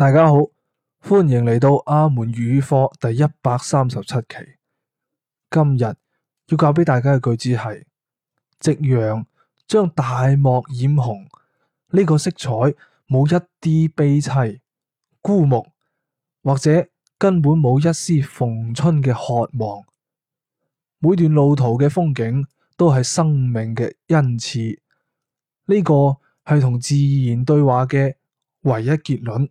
大家好，歡迎嚟到阿門粵語課第一百三十七期。今日要教俾大家嘅句子係：夕陽將大漠染紅，呢個色彩冇一啲悲凄、枯木，或者根本冇一絲逢春嘅渴望。每段路途嘅風景都係生命嘅恩賜，呢個係同自然對話嘅唯一結論。